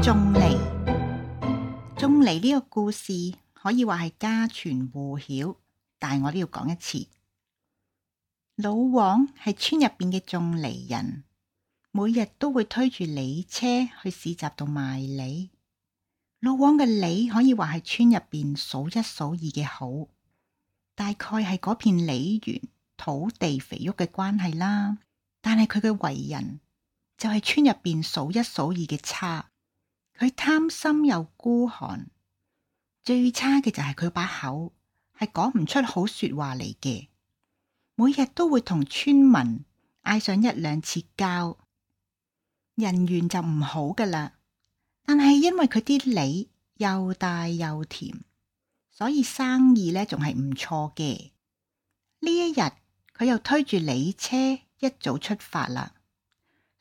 種梨，種梨呢個故事可以話係家傳戶曉，但係我都要講一次。老王係村入邊嘅種梨人，每日都會推住梨車，去市集度賣梨。老王嘅梨可以話係村入邊數一數二嘅好，大概係嗰片梨園土地肥沃嘅關係啦。但係佢嘅為人就係村入邊數一數二嘅差。佢貪心又孤寒，最差嘅就係佢把口係講唔出好說話嚟嘅，每日都會同村民嗌上一兩次交，人緣就唔好㗎喇。但係因為佢啲梨又大又甜，所以生意呢仲係唔錯嘅。呢一日佢又推住梨車一早出發啦。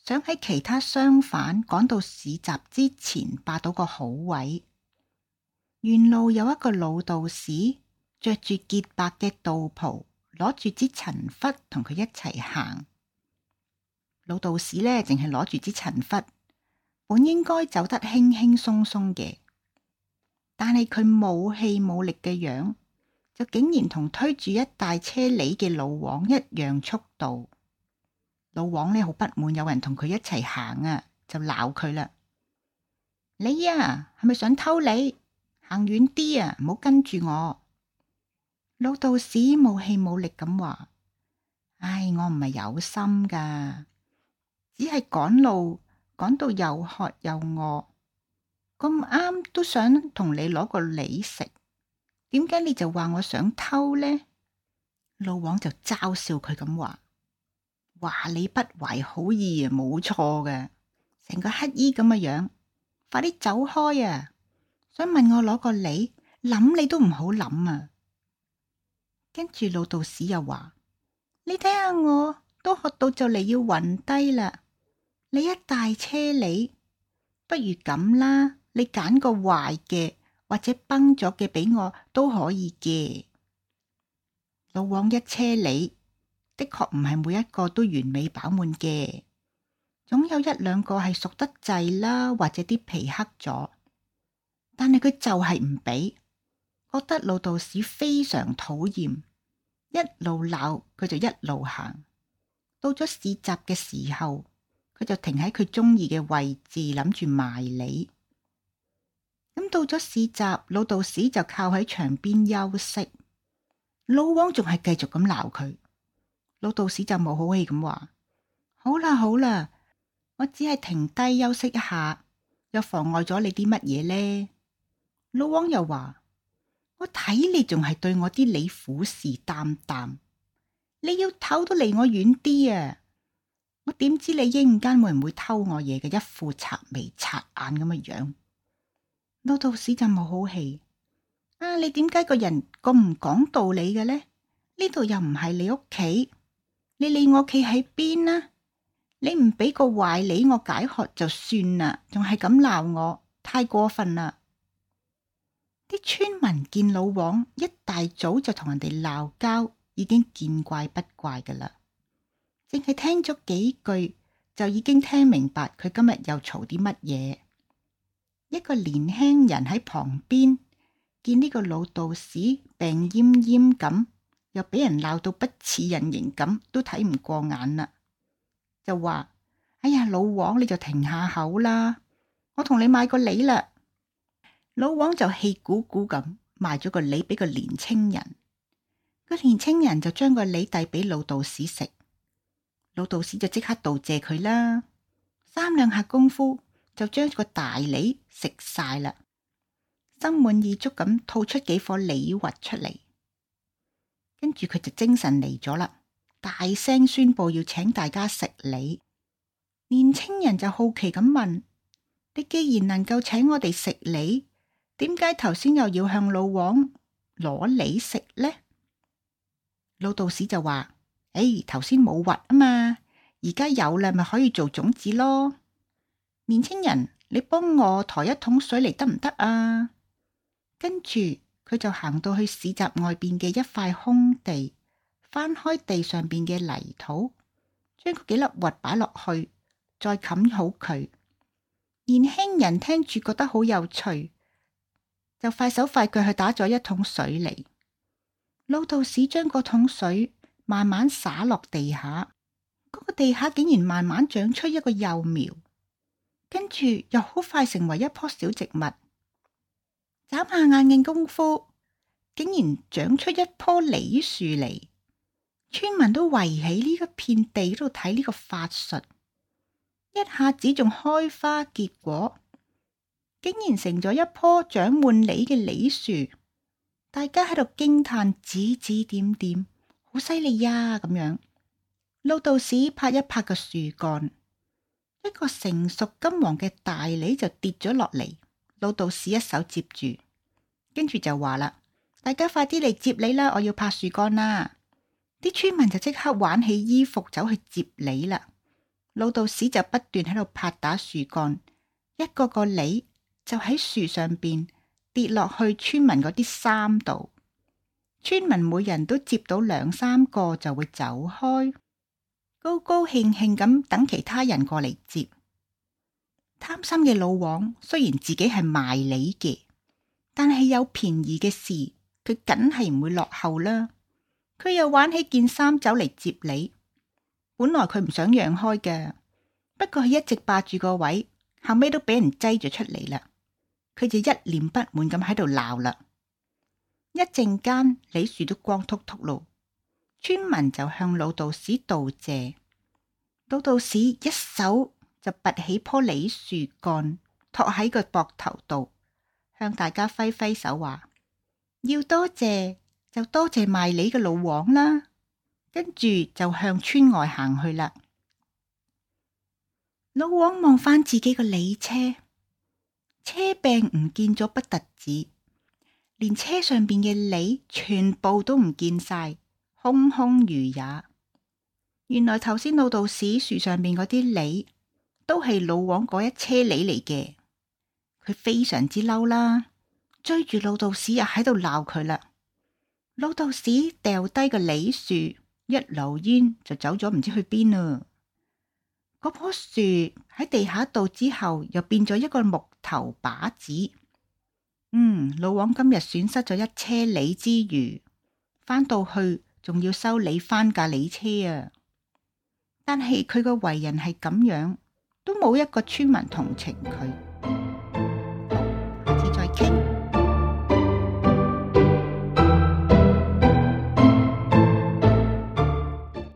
想喺其他商販趕到市集之前霸到個好位。沿路有一個老道士，着住潔白嘅道袍，攞住支塵拂同佢一齊行。老道士呢，淨係攞住支塵拂，本應該走得輕輕鬆鬆嘅，但係佢冇氣冇力嘅樣，就竟然同推住一大車梨嘅老王一樣速度。老王，呢好不滿，有人同佢一齊行啊，就鬧佢啦！你啊，係咪想偷梨？行遠啲啊，唔好跟住我。老道士冇氣冇力咁話：「唉，我唔係有心噶，只係趕路，趕到又渴又餓，咁啱都想同你攞個梨食，點解你就話我想偷呢？老王就嘲笑佢咁話。話你不懷好意啊，冇錯嘅，成個乞衣咁嘅樣，快啲走開啊！想問我攞個梨，諗你都唔好諗啊！跟住老道士又話：你睇下我都學到就嚟要暈低啦，你一大車梨，不如咁啦，你揀個壞嘅或者崩咗嘅俾我都可以嘅。老王一車梨。的確唔係每一個都完美飽滿嘅，總有一兩個係熟得滯啦，或者啲皮黑咗。但係佢就係唔俾，覺得老道士非常討厭，一路鬧佢就一路行。到咗市集嘅時候，佢就停喺佢中意嘅位置，諗住賣梨。咁到咗市集，老道士就靠喺牆邊休息。老王仲係繼續咁鬧佢。老道士就冇好氣咁話：「好啦好啦，我只係停低休息一下，又妨礙咗你啲乜嘢呢？」老王又話：「我睇你仲係對我啲梨虎視眈眈，你要唞都離我遠啲啊！我點知你一陣間會唔會偷我嘢嘅，一副賊眉賊眼咁嘅樣？老道士就冇好氣：「啊，你點解個人咁唔講道理嘅呢？呢度又唔係你屋企。你理我企喺邊吖？你唔俾個壞梨我解渴就算啦，仲係咁鬧我，太過分啦！啲村民見老王一大早就同人哋鬧交，已經見怪不怪㗎喇，淨係聽咗幾句就已經聽明白佢今日又嘈啲乜嘢。一個年輕人喺旁邊見呢個老道士病奄奄咁。又俾人鬧到不似人形咁，都睇唔過眼啦。就話：哎呀，老王你就停下口啦，我同你買個梨啦。老王就氣鼓鼓咁賣咗個梨俾個年青人，那個年青人就將個梨遞俾老道士食，老道士就即刻道謝佢啦。三兩下功夫就將個大梨食晒啦，心滿意足咁吐出幾顆梨核出嚟。跟住佢就精神嚟咗啦，大聲宣布要請大家食梨。年青人就好奇咁問：「你既然能夠請我哋食梨，點解頭先又要向老王攞梨食呢？」老道士就話：「誒、哎，頭先冇核啊嘛，而家有啦，咪可以做種子咯。年青人，你幫我抬一桶水嚟得唔得啊？跟住。佢就行到去市集外邊嘅一塊空地，翻開地上邊嘅泥土，將嗰幾粒核擺落去，再冚好佢。年輕人聽住覺得好有趣，就快手快腳去打咗一桶水嚟。老道士將嗰桶水慢慢灑落地下，嗰個地下竟然慢慢長出一個幼苗，跟住又好快成為一棵小植物。眨下眼嘅功夫，竟然長出一棵梨樹嚟。村民都圍喺呢一片地度睇呢個法術，一下子仲開花結果，竟然成咗一棵長滿梨嘅梨樹。大家喺度驚嘆，指指點點，好犀利呀咁樣。老道士拍一拍個樹幹，一個成熟金黃嘅大梨就跌咗落嚟。老道士一手接住，跟住就話啦：大家快啲嚟接梨啦！我要拍樹幹啦！啲村民就即刻挽起衣服走去接梨啦。老道士就不斷喺度拍打樹幹，一個個梨，就喺樹上邊跌落去村民嗰啲衫度。村民每人都接到兩三個就會走開，高高興興咁等其他人過嚟接。貪心嘅老王雖然自己係賣梨嘅，但係有便宜嘅事，佢梗係唔會落後啦。佢又挽起件衫走嚟接梨，本來佢唔想讓開嘅，不過佢一直霸住個位，後尾都俾人擠咗出嚟啦。佢就一臉不滿咁喺度鬧啦。一陣間梨樹都光禿禿咯，村民就向老道士道謝，老道士一手，就拔起棵梨樹榦，托喺個膊頭度，向大家揮揮手話：要多謝就多謝賣梨嘅老王啦。跟住就向村外行去啦。老王望翻自己個梨車，車柄唔見咗不特止，連車上邊嘅梨全部都唔見晒，空空如也。原來頭先老道士樹上面嗰啲梨。都係老王嗰一車梨嚟嘅，佢非常之嬲啦，追住老道士又喺度鬧佢啦。老道士掉低個梨樹，一溜煙就走咗，唔知去邊啊！嗰棵樹喺地下度之後又變咗一個木頭把子。嗯，老王今日損失咗一車梨之餘，翻到去仲要收梨翻架梨車啊！但係佢個為人係咁樣，都冇一個村民同情佢，好，下次再傾。